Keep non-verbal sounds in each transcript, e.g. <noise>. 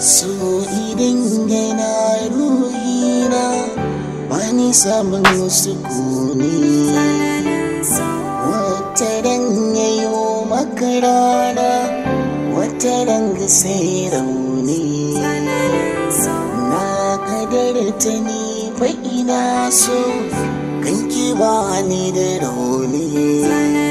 so idan gaina ruhina wani samun kone, wata ran yayo maka rana wata ran sai rauni na kadarta ni fa ina so kan ki ba ni da rauni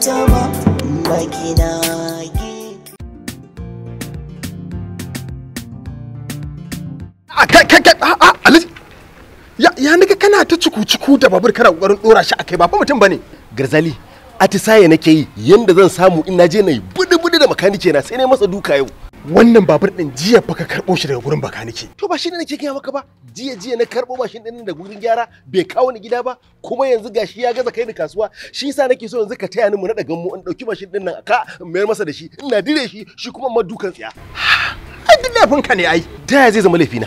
ta ba magina ah, ah, ah, ya nika kana ta cuku-cuku da babur kana kokarin dora shi akai ba fa mutum bane garzali atisaye nake yi yanda zan samu in naje na yi budu budi da makanike na sai ne masa duka yau wannan babur din jiya fa ka karbo shi daga gurin bakanike to ba shi ne nake gaya maka ba jiya jiya na karbo mashin din daga gurin gyara bai kawo ni gida ba kuma yanzu gashi ya gaza kai ni kasuwa shi yasa nake so yanzu ka taya ni mu na daga mu in dauki mashin din nan ka mayar masa da shi ina dire shi shi kuma ma dukan tsiya ai duk laifin ka ne ai da zai zama laifina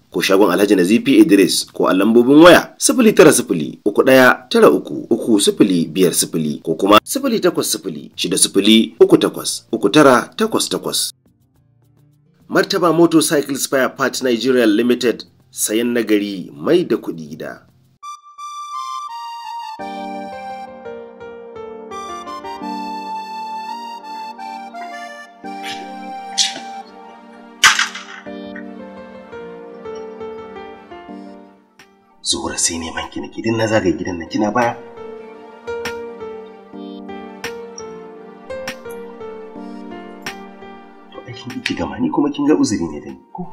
ko shagon Alhaji Nazifi Idris ko a lambobin waya sifili tara sifili uku ɗaya tara uku uku sifili biyar sifili ko kuma sifili takwas sifili shida sifili uku takwas uku tara takwas takwas. Martaba Motorcycle Spare Part Nigeria Limited sayan nagari mai da kuɗi gida. zuwa sai neman ki gidan na zagaye gidan nan kina baya to aikin kin ki gama ni kuma kin ga uzuri ne da ni ko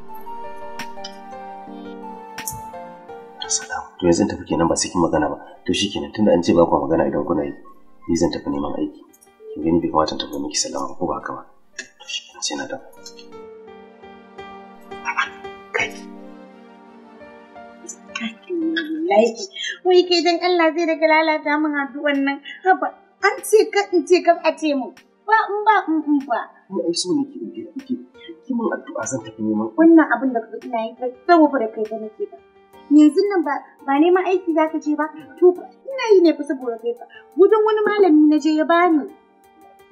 assalamu to yanzu tafi kenan ba sai kin magana ba to shikenan tunda an ce ba ku magana idan kuna yi ni zan tafi neman aiki kin gani bai kamata tafi miki salama ko ba haka ba to shikenan sai na dawo wallahi wai kai dan Allah zai daga lalata min addu'an nan haba an ce ka in ce ka a ce mu ba in ba in in ba mu ai so ne ki ki ki ki mun addu'a zan tafi neman wannan abin da kaga ina yi kai saboda kai ka nake ba yanzu nan ba ba neman aiki za ka je ba to ina yi ne fa saboda kai fa wajen wani malami na je ya bani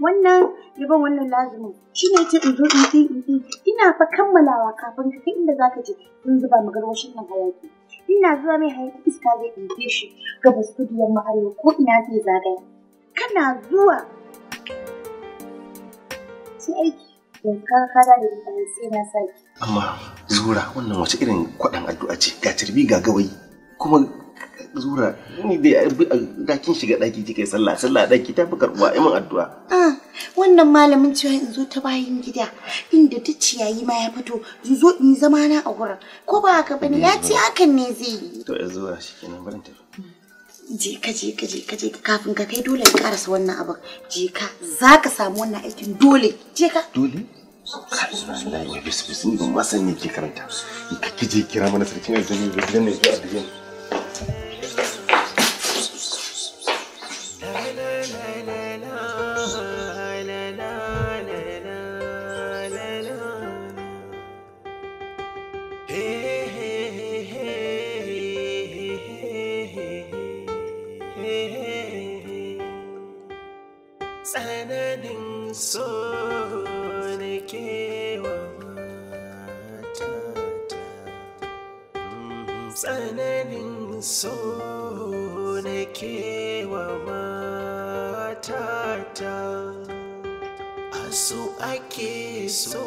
wannan ya ba wannan lazumin shi ne ce in zo in yi in ina fa kammalawa kafin ka kai inda za ka je in zuba magarwashin nan hayaki ina zuwa mai hanyar iska zai ɗauke shi gabas su yamma ko ina zai zagaya kana zuwa sai aiki yanzu ka kada da bayan sai na sake amma zura wannan wace irin kwaɗan addu'a ce ga turbi ga gawayi kuma zura ni dai da kin shiga daki kike sallah sallah daki ta fi karbuwa imin addu'a ah wannan malamin cewa in zo ta bayin gida inda ta ciyayi ma ya fito in zo in zama na a gurin ko ba haka bane ya ce hakan ne zai yi to zo shi kenan barin ta je ka je ka je ka je kafin ka kai dole ka karasa wannan abin je ka za ka samu wannan aikin dole je ka dole bismillah bismillah ban ma san yake karanta ka je kira mana sarkin aljanu da gidan ne zuwa da gidan tsananin so da kewa matata mm, tsananin so da kewa matata asu ake so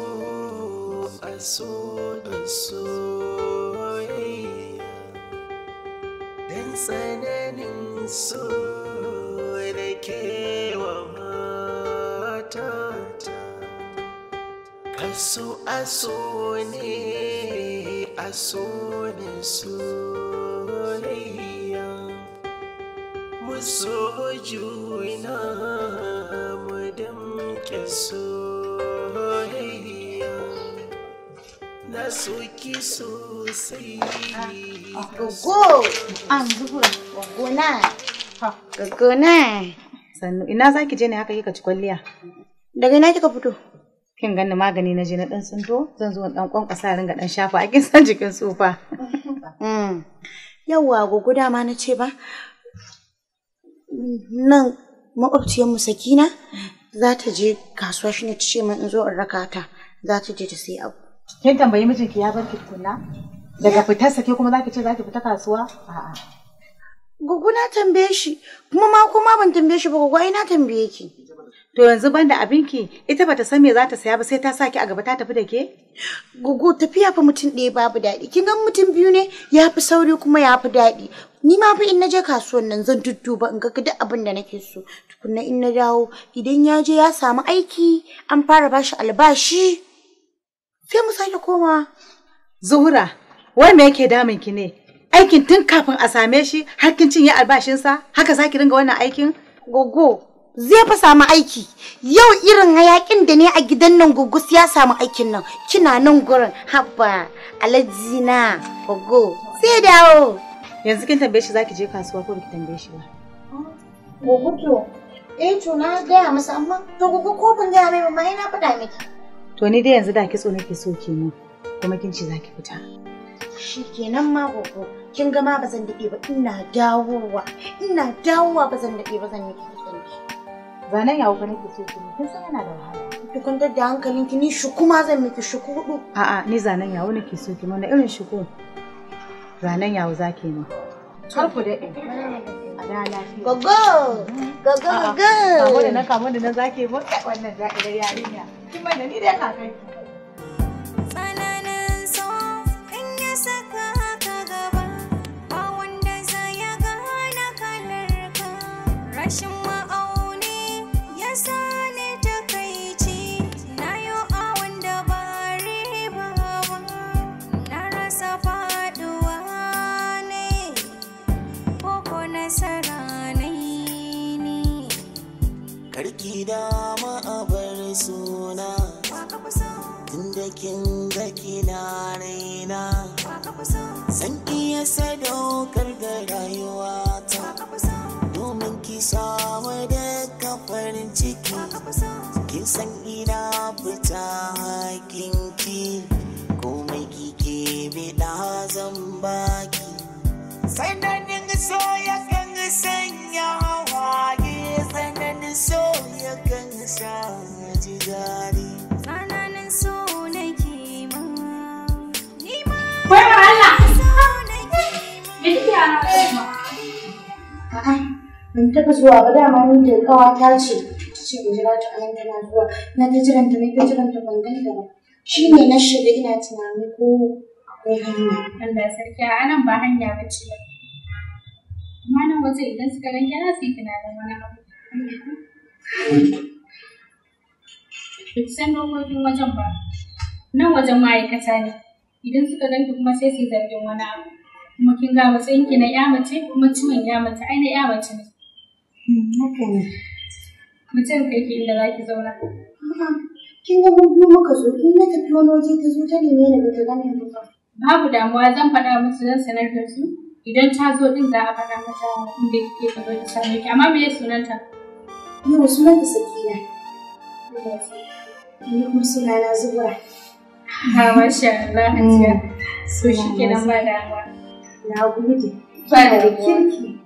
a so soyayya tsananin so da kewa aso aso ne aso ne soyayya mu so juna mu damke soyayya na soki sosai gogo ah, an ah, zuwa gogo na gogo ah, na sannu ina zaki je ne haka kika ci kwalliya daga ina kika fito kin ganni magani na je na dan tsinto zan zo dan kwankwasa ringa dan shafa a kin san <laughs> jikin tsufa <laughs> mm yawa gogo dama na ce ba nan makwabciyar mu sakina za ta je kasuwa shi ne ta ce min in zo in raka ta za ta je ta sai abu kin tambayi mijinki ya bar ki tukunna daga fitar sake kuma zaki ce zaki fita kasuwa a'a gugu na tambaye shi kuma ma kuma ban tambaye shi ba gugu ai na tambaye ki To yanzu banda abinki ita bata san me za ta saya ba sai ta saki a gaba ta tafi da ke? Gogo tafiya fa mutum ɗaya babu daɗi. Kin ga mutum biyu ne ya fi sauri kuma ya fi daɗi. Ni ma fa in na je kasuwan nan zan dudduba in ga duk abin da nake so. Tukunna in na dawo idan ya je ya samu aiki an fara bashi albashi. Sai mu sake koma. Zuhura, wai me yake damun ki ne? Aikin tun kafin a same shi har kin cinye albashinsa haka zaki dinga wannan aikin? Gogo, zai fa samu aiki yau irin hayakin da ne a gidan nan gugus ya samu aikin nan kina nan gurin habba alaji na gogo sai dawo yanzu kin tambaye shi zaki je kasuwa ko biki tambaye shi ba gogo to eh to na gaya masa amma to gogo ko kun gaya mai mamma na faɗa miki to ni dai yanzu da kitso nake so kenan kuma kin ce zaki fita shikenan ma gogo kin ga ma bazan dade ba ina dawowa ina dawowa bazan dade ba zan miki zanen yawo fa nake so ki kin san yana da wahala ki dadda hankalin ki ni shuku ma zan miki shuku hudu a'a ni zanen yawo nake so ki mana irin shuku zanen yawo zake ni har ku daɗe gogo gogo gogo kamo da na kamo da na zake ba wannan za'irar yarinya kin mana ni dai kakai Russian suna tunda kin ga kina raina san iya sadaukar da rayuwata domin ki samu da kafar ciki kin san ina fita hakinki komai ki ke bida zan baki sananin so ya kan sanya hawaye sananin so ya kan sanya yara A'a, ban taɓa zuwa ba dama ni da kawa ta ce ta ce in jira ta anan tana zuwa na ta jiranta na ta jiranta ban ganta ba shi ne na shiga ina tunani ko akwai hanya. Allah sarki a nan ba hanya ba ce ba. Amma nan waje idan suka gan yana su yi tunanin wani abu. Duk san dokokin wajen ba. Nan wajen ma'aikata ne. Idan suka gan kuma sai su yi zargin wani abu. kuma kin ga matsayin ki na ya mace kuma ciwon ya mace ai na ya mace hmm, ne mutum kai ke inda zaki zauna kin ga mun biyu muka zo in na tafi wani waje ta zo ta neme ni ba ta babu damuwa zan faɗa musu zan sanar da su idan ta zo din za a faɗa mata inda kike ka zo ta same ki amma me sunanta yau sunanta sakina ni kuma na zubra ah, ha masha Allah ciyar. Hmm. so shi nan ba damuwa Na gode. Kina da kirki.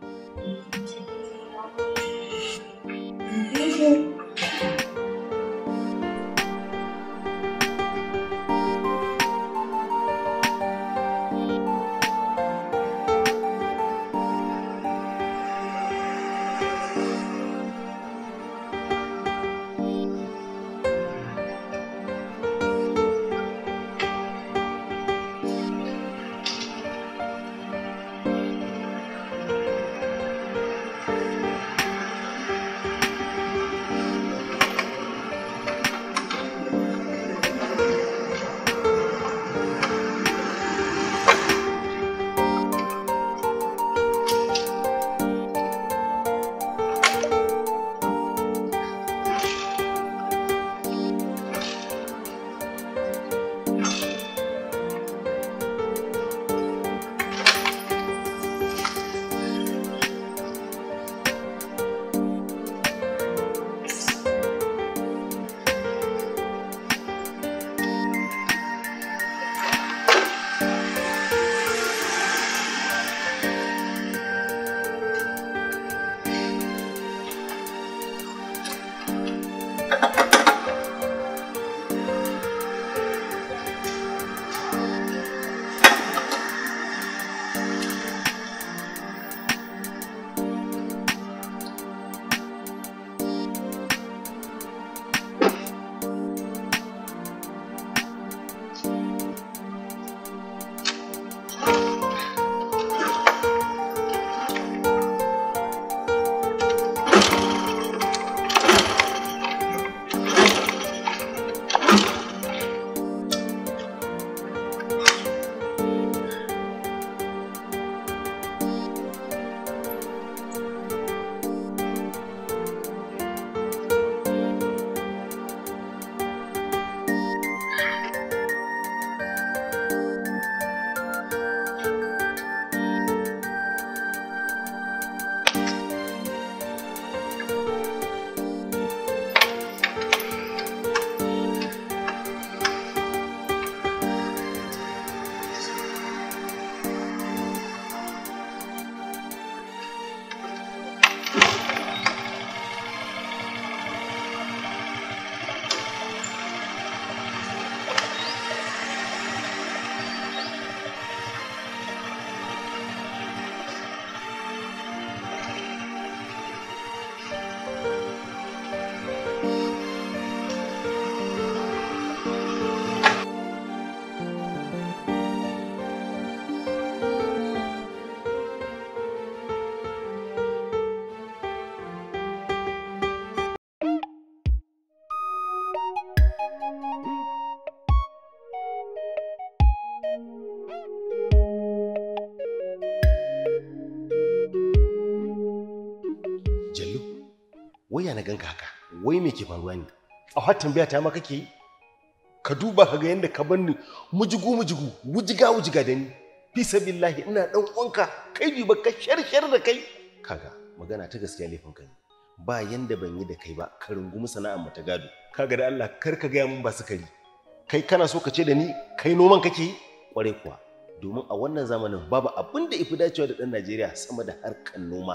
wai ya na ganka haka wai me ke faruwa ne a har tambaya ta ma kake ka duba ka ga yadda ka bar mujigu mujigu wujiga wujiga da ni fi sabillahi ina dan uwanka kai bi ba ka sharshar da kai kaga magana ta gaskiya laifin ka ne ba yanda ban yi da kai ba ka rungumi sana'ar mu ta gado kaga da Allah kar ka gaya mun ba sukari kai kana so ka ce da ni kai noman kake yi kwarai kuwa domin a wannan zamanin babu abin da ifi dacewa da ɗan Najeriya sama da harkar noma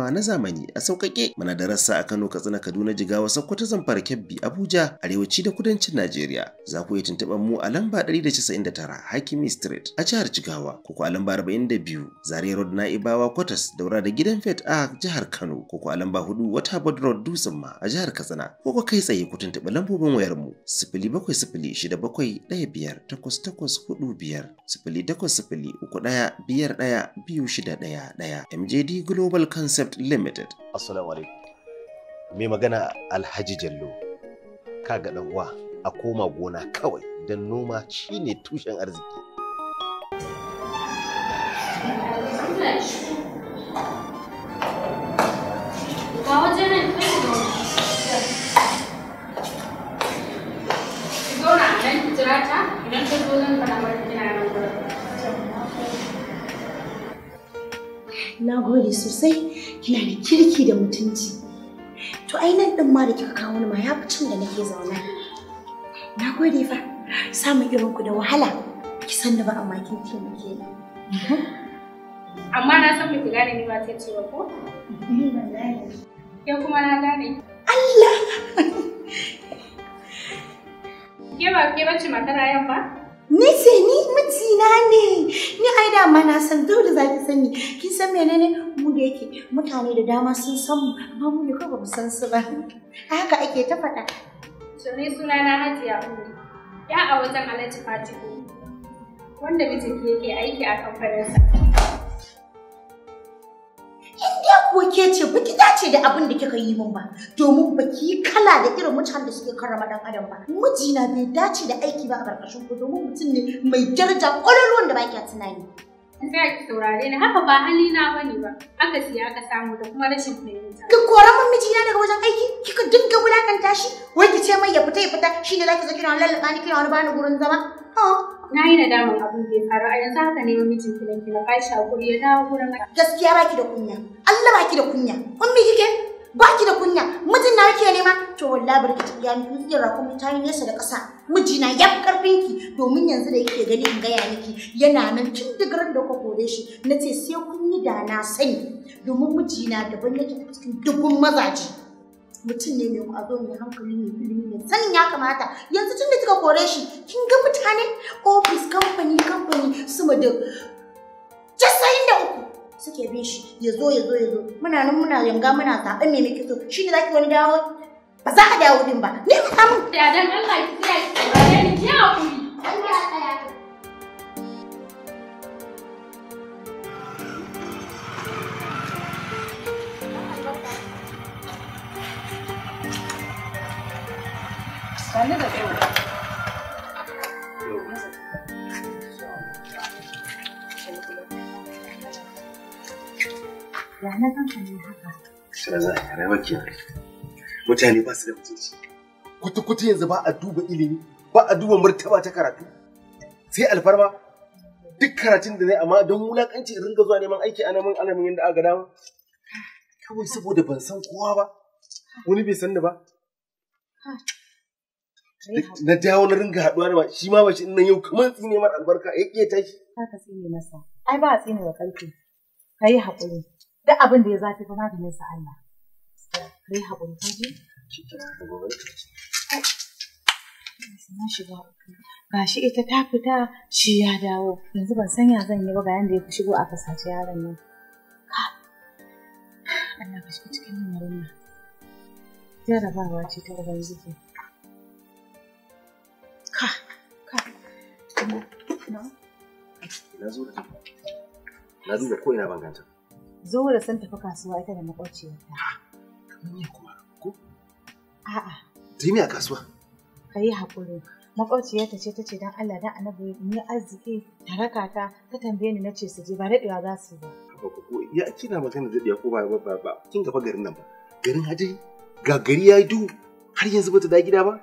al'umma na zamani a sauƙaƙe muna da a Kano Katsina Kaduna Jigawa Sokoto Zamfara Kebbi Abuja arewaci da kudancin Najeriya za ku iya tuntuɓar mu a lamba 199 Hakimi Street a jihar Jigawa ko a lamba 42 Zaria Road Ibawa Kwatas daura da gidan Fet a jihar Kano ko a lamba 4 Waterbird Road Dutsen ma a jihar Katsina ko ku kai tsaye ku tuntuɓi lambobin wayar mu 0706715845 0803 biyar ɗaya biyu shida ɗaya ɗaya mjd global concept Private Limited. Assalamu alaikum. Mai magana Alhaji Jallo. Kaga dan uwa a koma gona kawai don noma shine tushen arziki. Na gode sosai. yana da kirki da mutunci to ai nan din ma da kika kawo ni ma ya fi cin da nake zaune na gode fa samun irin ku da wahala ki san da ba amma kin ce ni <laughs> amma na san miki gane ni ba sai ce ba ko eh, ke kuma na gane Allah <laughs> ke ba ke bace matar ayan ba Ni ni mijina ne, ni ai dama na san dole za ki sani, kin san menene mu da yake mutane da dama sun san mu, amma mu ne kawai ba mu san su ba. Haka ake ta faɗa. To ni suna na Hajiya Umu, ya a wajen Alhaji Fatima. wanda mijinki yake aiki a kamfaninsa. ko ke ce ba ki dace da abin da kika yi min ba domin ba ki yi kala da irin mutanen da suke karrama dan adam ba mijina bai dace da aiki ba a karkashin ku domin mutum ne mai daraja ƙwararruwan da ba kya tunani in tsaya ki saurare ni haka ba hali na bane ba aka siya aka samu da kuma rashin fahimta ka kora min mijina daga wajen aiki kika dinga wulakanta shi wai ki ce mai ya fita ya fita shine zaki zo kina lallaba ni kina wani bani gurin zama ha na yi nadaman abin da ya faru a yanzu haka ne mijin ki ki na bashi hakuri ya dawo gurin gaskiya baki da kunya Allah baki da kunya kun ummi kike baki da kunya mijin na kike nema to wallahi barki ta gani kin tsira kuma ta yi nesa da ƙasa mijina ya karfin ki domin yanzu da yake gani in gaya miki yana nan tun da garin da kuka kore shi nace sai kun yi da na sani domin mijina daban yake cikin dubun mazaje mutum ne mai kwazo mai hankali mai ilimi mai sanin ya kamata yanzu tun da kika kore shi kin ga mutane ofis kamfani kamfani sama da casa'in da uku suke bin shi ya zo ya zo ya zo muna nan muna yanga muna zaɓen mai muke shi ne zaki wani dawo ba za a dawo din ba ne ka samu da dan Allah ki tsaya ki tsaya ni ki hakuri Allah ya tsaya na Mutane ba su da mutunci. Kwata-kwata yanzu ba a duba ilimi, ba a duba martaba ta karatu. Sai alfarma duk karatun da zai amma don wulakanci in ringa zuwa neman aiki a min alamin yadda aka dama. Kawai saboda ban san kowa ba, wani bai san da ba. Na dawo na ringa haɗuwa da ba, shi ma ba shi nan yau kamar tsine mar albarka ya ƙeta shi. Ka tsine masa, ai ba a tsine wa ƙarfi, ka yi haƙuri. duk abin da ya zafi fa maganin sa Allah kai haƙuri ka ji gashi ita ta fita shi ya dawo yanzu ban san ya zan yi ba bayan da ya fi shigo a sace yaron nan Allah ka shiga cikin lamarin nan jarabawa ce ta gaban ubangiji ka ka na zo da na duba ko ina banganta Zuhura sun tafi kasuwa ita da makwabciyarta. Ah, kamar me kuma ko? A'a. Ta yi a kasuwa? Ka yi haƙuri. Makwabciyarta ce ta ce don Allah don annabi ni arziki ta raka ta ta tambaye ni na ce su je ba daɗewa za su ba. Ya kina magana daɗewa ko ba ba ba kin gaba garin nan ba. Garin haji ga gari ya yi duhu har yanzu bata da gida ba.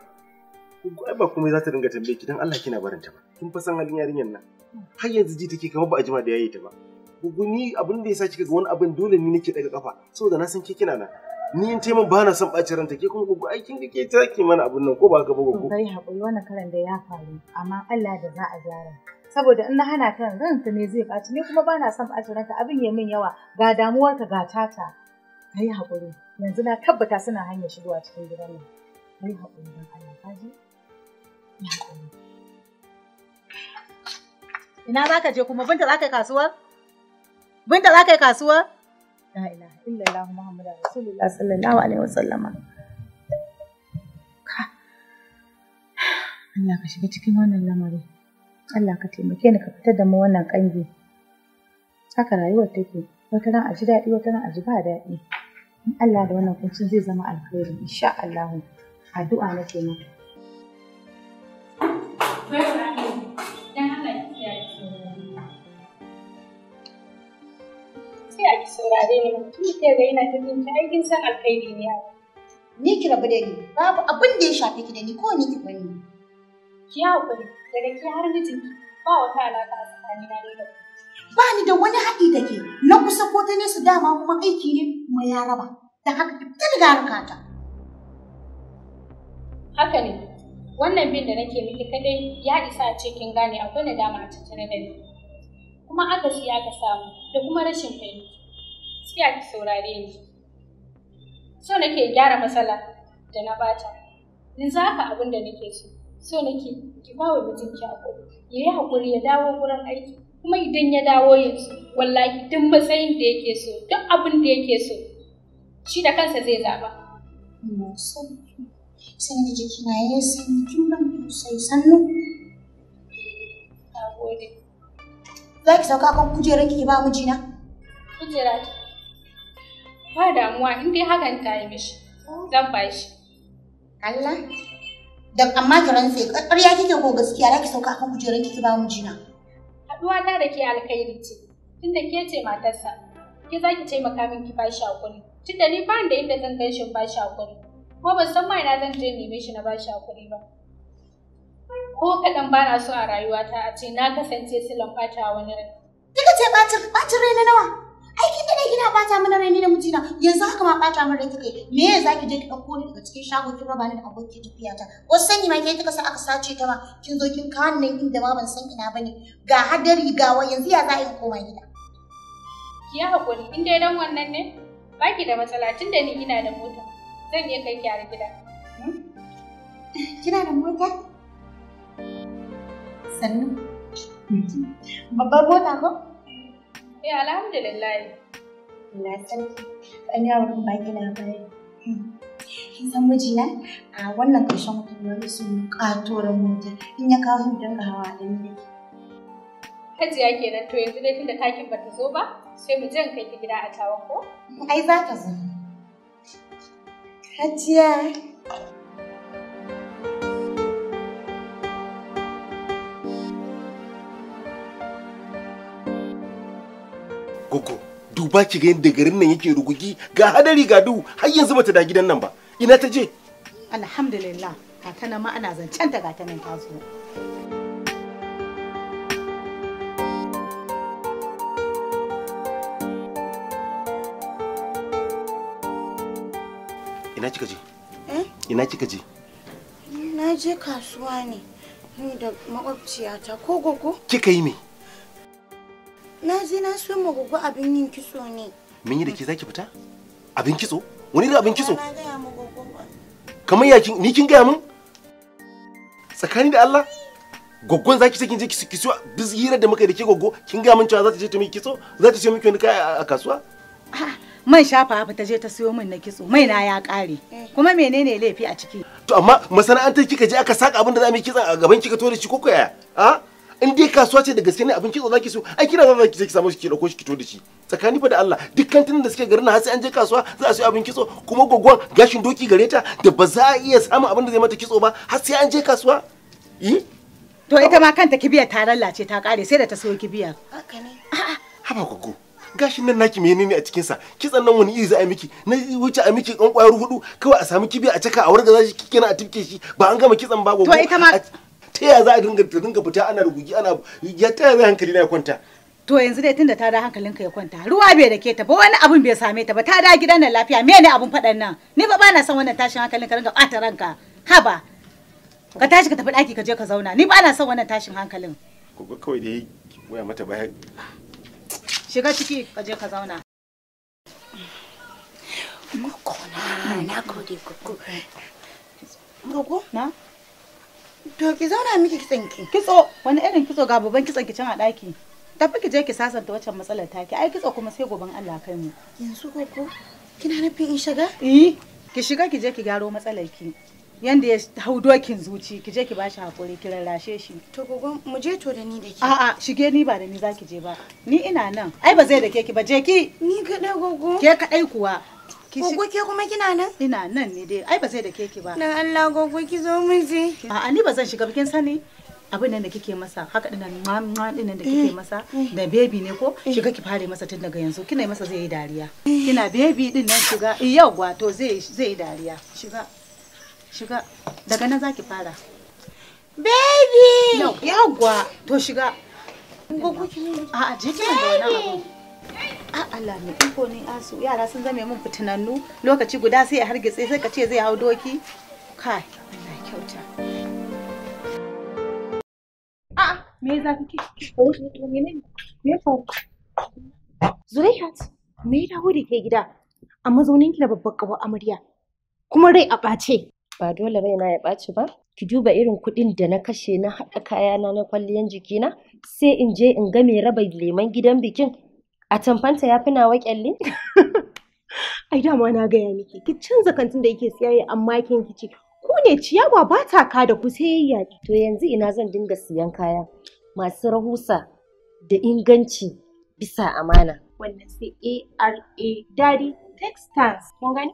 Ai ba komai za ta dinga tambaye ki don Allah kina barinta ba. Kin fa san halin yarinyar nan. Hmm. Har yanzu ji take kamar ba a jima da yayi ta ba. gugu ni abin da sa kika ga wani abin dole ni nake daga kafa saboda na san ke kina nan ni in taimun ba na son ɓacin ranta ke kuma gugu aikin kin ga ke taki mana abin nan ko ba ka ba gugu kai hakuri wannan karan da ya faru amma Allah da za a gyara saboda in na hana ta ranta ne zai ɓaci ni kuma ba na son ɓacin ranta abin ya min yawa ga ka ga tata kai hakuri yanzu na tabbata suna hanyar shigowa cikin gidan nan kai hakuri don Allah ka ji ina za ka je kuma binta za ka kasuwar Binta za ka yi kasuwa? La ilaha illallah Muhammadu Allah cikin wannan lamarin. ka taimake ni ka fitar da mu wannan rayuwar take. Wata daɗi, wata a daɗi. In Allah da wannan kuncin zai zama alkhairi insha Allah. Addu'a nake maka. sai a ki saurare ni mutum ke ga yana tafiya ta aikin san alkhairi ne ni ki rabu da ni babu abin da ya shafe ki da ni ko ni ki bani ki hakuri da ki har mijin ba wata alaka a tsakanin na da ba ni da wani haɗi da ke na kusa ko ta nesa dama kuma aiki ne kuma ya raba Da haka ta riga harkata. haka ne wannan bin da nake miki kadai ya isa a ce kin gane akwai nadama a tattare da ni kuma aka siya aka samu da kuma rashin fahimta sai ki saurare ni so nake gyara matsala da na bata yanzu haka abin da nake so so nake ki ba wa mijinki hakuri ya yi hakuri ya dawo gurin aiki kuma idan ya dawo yanzu wallahi duk matsayin da yake so duk abin da yake so shi da kansa zai zaba sai da jikina ya yi sanyi tun ban sosai sannu na gode Za ki sauka kan kujerar ki ba mijina? Kujera ta. Ba damuwa in dai hakan ta yi mishi. Zan ba shi. Allah. Dan amma ki rantse ya kike ko gaskiya za ki sauka kan kujerar ki ba mijina. Haduwa ta da ke alkhairi ce. Tunda ke ce matarsa. Ke za ki taimaka min ki ba shi hakuri. Tunda ni ba da inda zan gan shi ba shi hakuri. Ko ban san ma ina zan je neme shi na ba shi hakuri ba. ko kaɗan ba na so a rayuwata a ce na kasance silan ɓata wani rai. Kika ce ɓacin ɓacin rai na nawa? Ai kin dai kina ɓata mana rai ne da mijina yanzu haka ma ɓata mana rai kike me ya zaki je ki ɗauko ni daga cikin shago kin raba ni da abokin tafiya ta wasu sanyi ma ke kika sa aka sace ta ma kin zo kin kawo nan inda ma ban san ina bane ga hadari wa yanzu ya za a yi koma gida. Ki yi haƙuri in dai dan wannan ne baki da matsala tun da ni ina da mota zan iya kai ki har gida. Hmm? Kina da mota? sannu mhm. babbar mota ko eh alhamdulillah na sarki ɗan yawon baki hmm. labari kin san mijina a wannan ƙarshen mutum ya su ƙatoran mota in ya kawo su dinga hawa da ni Hajiya kenan to yanzu dai tunda takin bata zo ba sai mu je kai ki gida a tawa ko? Ai za ta zo. Hajiya. gogo duba ki ga yadda garin nan yake rugugi ga hadari ga duhu har yanzu bata da gidan nan ba ina ta je alhamdulillah ta nan ma ana zancen ta ga ta nan ta zo ina kika je eh ina kika je na je kasuwa ne ni da makwabciyata ko gogo kika yi me Na je na so mu gugu abin yin kitso ne. Mun yi da ke zaki fita? Abin kitso? Wani da abin kitso? Kamar ya ni kin gaya mun? Tsakani da Allah? Goggon zaki ce kin je kitso siyo duk hirar da muka yi da ke goggo kin gaya mun cewa za ta je ta miki kitso? Za ta ce miki wani kaya a kasuwa? Ah, man shafa fa ta je ta siyo min na kitso, mai na ya kare. Eh. Kuma menene laifi a ciki? To amma masana'antar kika je aka saka abin da za mu yi kitson a gaban kika to da shi koko yaya? A? Ah? in dai kasuwa ce da gaske ne abin kitso zaki so ai kina zan zaki ki samu shi ki dauko shi ki to da shi tsakani fa da Allah dukkan tun da suke garin na har sai an je kasuwa za a sayo abin kitso kuma goggon gashin doki gare ta da ba za a iya samun abin da zai mata kitso ba har sai an je kasuwa yi to ita ma kanta kibiya ta lalace ta kare sai da ta sayo kibiya haka ne a'a haba gogo gashin nan naki menene a cikin sa kitsan nan wani iri za a miki na wuce a miki kan kwayar hudu kawai a samu kibiya a caka a warga za shi na a tifke shi ba an gama kitsan ba gogo to ita ma ta yaya za a dinga dinga fita ana rugugi ana ya ta yaya hankali na ya kwanta to yanzu dai tunda ta da hankalinka ya kwanta ruwa bai da ke ta ba wani abun bai same ta ba ta da gidan nan lafiya me ne abun fadan nan ni ba bana son wannan tashin hankalin ka ringa ɓata ranka haba ka tashi ka tafi ɗaki ka je ka zauna ni bana son wannan tashin hankalin ko kawai dai waya mata baya shiga ciki ka je ka zauna Moko na, na gode koko. Na? To ki zauna miki kitson ki. Kitso wani irin kitso ga babban kitson ki can a daki. Tafi ki je ki sasanta waccan matsalar taki. Ai kitso kuma sai goban Allah kai mu. Yanzu koko kina nufin in shiga? Eh, ki shiga ki je ki gyaro matsalar ki. Yanda ya hau dokin zuci ki je ki bashi hakuri ki rarrashe shi. To gogon mu je to da ni da ke. A'a shige ni ba da ni zaki je ba. Ni ina nan. Ai ba zai da ke ki ba je ki. Ni kaɗai gogo. Ke kaɗai kuwa. Gogo ke kuma kina nan? Ina nan ne dai. Ai ba zai da keke ba. na Allah gogo ki zo mun a A'a ni ba zan shiga bikin sani. abin nan da kike masa haka dinan mamma dinan da kike eh, masa eh. da baby ne ko eh. shiga ki fare masa tun daga yanzu kina masa zai yi dariya kina baby din nan shiga yawwa to zai zai yi dariya shiga shiga daga nan zaki fara baby yawwa to shiga gogo ki a je ki da wannan Allah mai iko asu yara sun zame mun fitinannu lokaci guda sai ya hargitse sai ka ce zai hau doki kai Allah kyauta a me za ki ke me ya faru Zulaihat me da dawo da ke gida a mazaunin ki da babbar kawo amarya kuma rai a ɓace ba dole raina ya ɓaci ba ki duba irin kuɗin da na kashe na haɗa kayana na kwalliyan jikina sai in je in ga mai raba leman gidan bikin a tamfanta ya fi nawa kyalle <laughs> ai dama na gaya miki ki canza kantin da yake siyayya amma kin ki ce ku ne ciyawa ba ta ka da ku sai yaƙi to yanzu ina zan dinga siyan kaya masu rahusa da inganci bisa amana wannan sai ARA Daddy Textiles kun gani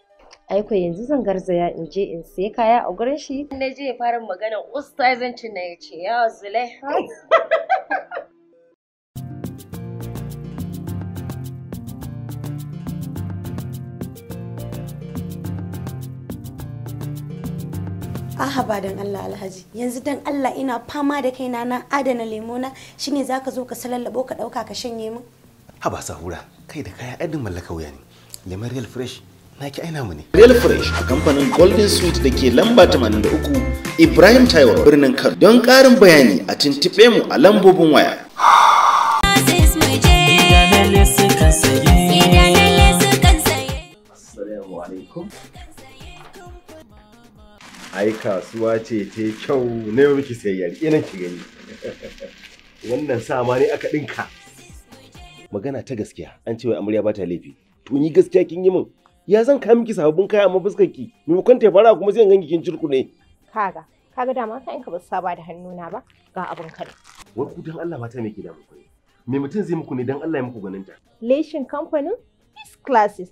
aiko yanzu zan garzaya in je in sai kaya a gurin shi na je fara magana ustazancin na ya ce ya zule <laughs> Aha don Allah Alhaji yanzu dan Allah ina fama da kaina na adana lemona shine zaka zo ka salallabo ka dauka ka shanye min Haba sahura kai da kaya ɗan mallaka wuya ne lemon real fresh ki aina mu ne real fresh a kamfanin golden sweet da ke lamba 83 ibrahim taiwo birnin kano don ƙarin bayani a tintibe mu a lambobin waya ai kasuwa ce ta kyau ne ina ki gani <laughs> wannan sama ne aka dinka magana ta gaskiya an ce wai amarya ba ta laifi to ni gaskiya kin yi min ya san ka miki sababbin kaya amma fuskar ki kun ta fara kuma sai ganki kin cirkune kaga kaga dama in ka ba su saba da hannuna ba ga abin kai wai ku dan Allah mata me ke da muku me mutum zai muku ne dan Allah ya muku ganin ta leshin kamfanin class classes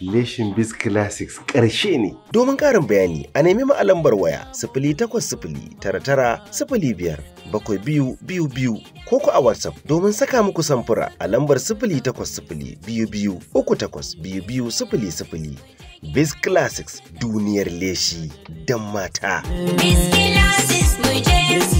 Leshin Biz Classics ƙarshe ne. Domin ƙarin bayani a nemi ma'alambar waya sifili takwas sifili tara tara sifili biyar bakwai biyu biyu biyu ko ku a WhatsApp domin saka muku samfura a lambar sifili takwas sifili biyu biyu uku takwas biyu biyu sifili sifili. Biz Classics duniyar leshi don mata. Biz Classics